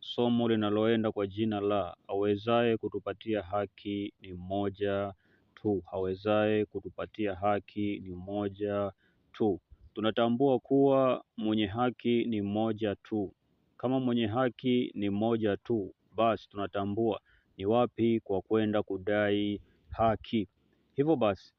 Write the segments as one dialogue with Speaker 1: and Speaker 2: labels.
Speaker 1: somo linaloenda kwa jina la awezaye kutupatia haki ni mmoja tu, awezaye kutupatia haki ni mmoja tu. Tunatambua kuwa mwenye haki ni mmoja tu. Kama mwenye haki ni mmoja tu, basi tunatambua ni wapi kwa kwenda kudai haki. Hivyo basi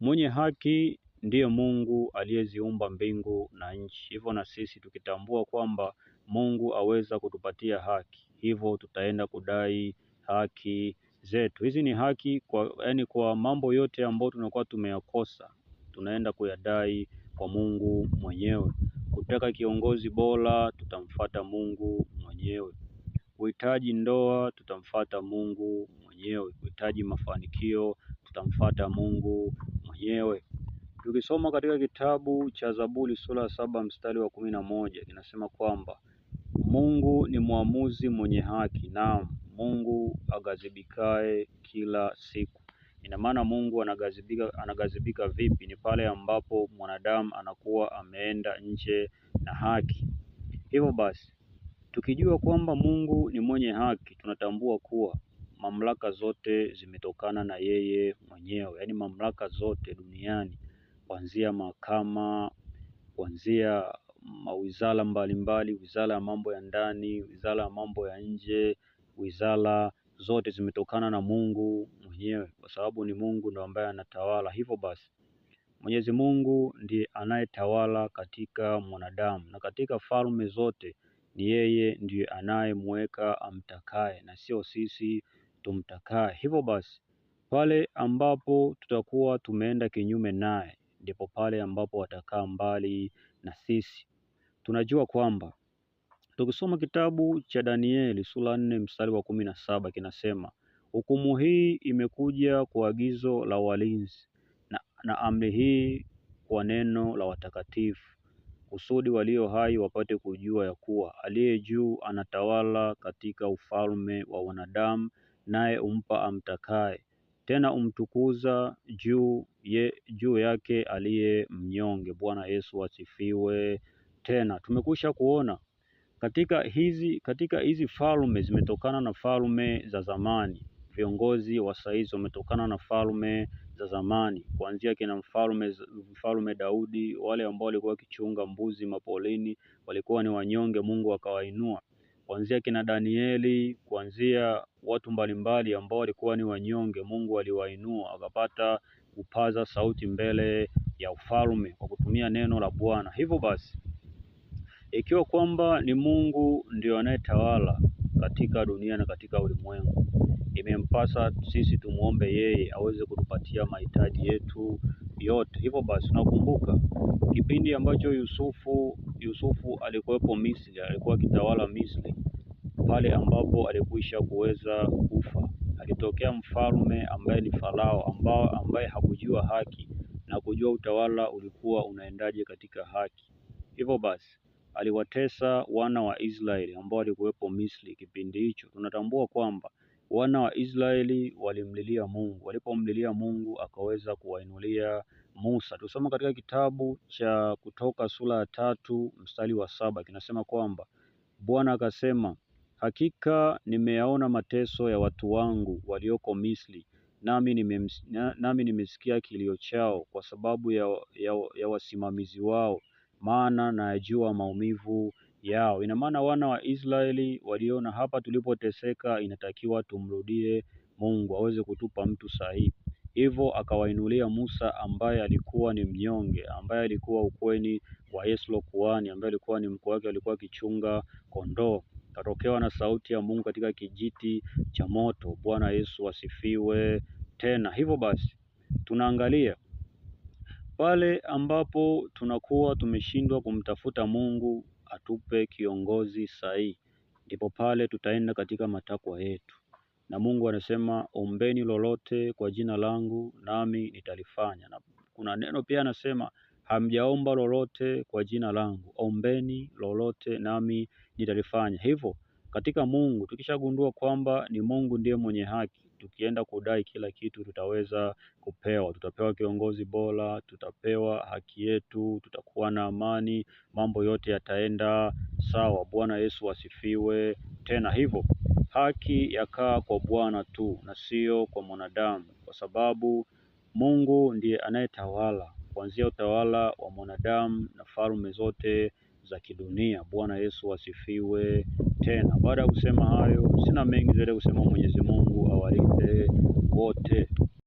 Speaker 1: mwenye haki ndiye Mungu aliyeziumba mbingu na nchi. Hivyo na sisi tukitambua kwamba Mungu aweza kutupatia haki, hivyo tutaenda kudai haki zetu. Hizi ni haki kwa, yani kwa mambo yote ambayo tunakuwa tumeyakosa, tunaenda kuyadai kwa Mungu mwenyewe. Kutaka kiongozi bora, tutamfata Mungu mwenyewe. Kuhitaji ndoa, tutamfata Mungu mwenyewe. Kuhitaji mafanikio, tutamfata Mungu mwenyewe. Tukisoma katika kitabu cha Zaburi sura ya saba mstari wa kumi na moja kinasema kwamba Mungu ni mwamuzi mwenye haki, naam Mungu agazibikae kila siku. Ina maana Mungu anagazibika anagazibika vipi? Ni pale ambapo mwanadamu anakuwa ameenda nje na haki. Hivyo basi, tukijua kwamba Mungu ni mwenye haki, tunatambua kuwa mamlaka zote zimetokana na yeye mwenyewe, yaani mamlaka zote duniani kuanzia mahakama, kuanzia mawizara mbalimbali, wizara ya mambo ya ndani, wizara ya mambo ya nje, wizara zote zimetokana na Mungu mwenyewe, kwa sababu ni Mungu ndo ambaye anatawala. Hivyo basi Mwenyezi Mungu ndiye anayetawala katika mwanadamu na katika falme zote ni yeye ndiye anayemweka amtakaye na sio sisi tumtakaye. Hivyo basi pale ambapo tutakuwa tumeenda kinyume naye ndipo pale ambapo watakaa mbali na sisi. Tunajua kwamba tukisoma kitabu cha Danieli sura nne mstari wa kumi na saba kinasema hukumu hii imekuja kwa agizo la walinzi na, na amri hii kwa neno la watakatifu, kusudi walio hai wapate kujua ya kuwa aliye juu anatawala katika ufalme wa wanadamu, naye umpa amtakaye tena umtukuza juu, ye, juu yake aliye mnyonge. Bwana Yesu asifiwe. Tena tumekwisha kuona katika hizi, katika hizi falme zimetokana na falme za zamani. Viongozi wa saizi wametokana na falme za zamani, kuanzia kina mfalme mfalme Daudi. Wale ambao walikuwa wakichunga mbuzi mapolini walikuwa ni wanyonge, Mungu akawainua kuanzia kina Danieli, kuanzia watu mbalimbali ambao walikuwa ni wanyonge, Mungu aliwainua wakapata kupaza sauti mbele ya ufalme kwa kutumia neno la Bwana. Hivyo basi, ikiwa kwamba ni Mungu ndio anayetawala katika dunia na katika ulimwengu, imempasa sisi tumuombe yeye aweze kutupatia mahitaji yetu yote. Hivyo basi nakumbuka kipindi ambacho Yusufu Yusufu alikuwepo Misri, alikuwa akitawala Misri pale ambapo alikwisha kuweza kufa, alitokea mfalme ambaye ni Farao ambao ambaye hakujua haki na kujua utawala ulikuwa unaendaje katika haki. Hivyo basi aliwatesa wana wa Israeli ambao walikuwepo Misri kipindi hicho. Tunatambua kwamba Wana wa Israeli walimlilia Mungu, walipomlilia Mungu akaweza kuwainulia Musa. Tusoma katika kitabu cha Kutoka sura ya tatu mstari wa saba kinasema kwamba Bwana akasema, hakika nimeyaona mateso ya watu wangu walioko Misri, nami nami nimesikia kilio chao kwa sababu ya, ya, ya wasimamizi wao, maana nayajua maumivu yao. Ina maana wana wa Israeli waliona hapa tulipoteseka, inatakiwa tumrudie Mungu aweze kutupa mtu sahihi. Hivyo akawainulia Musa ambaye alikuwa ni mnyonge, ambaye alikuwa ukweni wa Yesu kuhani, ambaye alikuwa ni mkuu wake, alikuwa akichunga kondoo. Katokewa na sauti ya Mungu katika kijiti cha moto. Bwana Yesu asifiwe tena. Hivyo basi tunaangalia pale ambapo tunakuwa tumeshindwa kumtafuta Mungu atupe kiongozi sahihi, ndipo pale tutaenda katika matakwa yetu. Na Mungu anasema ombeni lolote kwa jina langu, nami nitalifanya. Na kuna neno pia anasema hamjaomba lolote kwa jina langu, ombeni lolote nami nitalifanya. Hivyo katika Mungu tukishagundua kwamba ni Mungu ndiye mwenye haki tukienda kudai kila kitu tutaweza kupewa. Tutapewa kiongozi bora, tutapewa haki yetu, tutakuwa na amani, mambo yote yataenda sawa. Bwana Yesu asifiwe. Tena hivyo haki yakaa kwa Bwana tu na sio kwa mwanadamu, kwa sababu Mungu ndiye anayetawala kuanzia utawala wa mwanadamu na falme zote za kidunia. Bwana Yesu asifiwe. Tena baada ya kusema hayo, sina mengi zaidi ya kusema. Mwenyezi Mungu awalinde wote.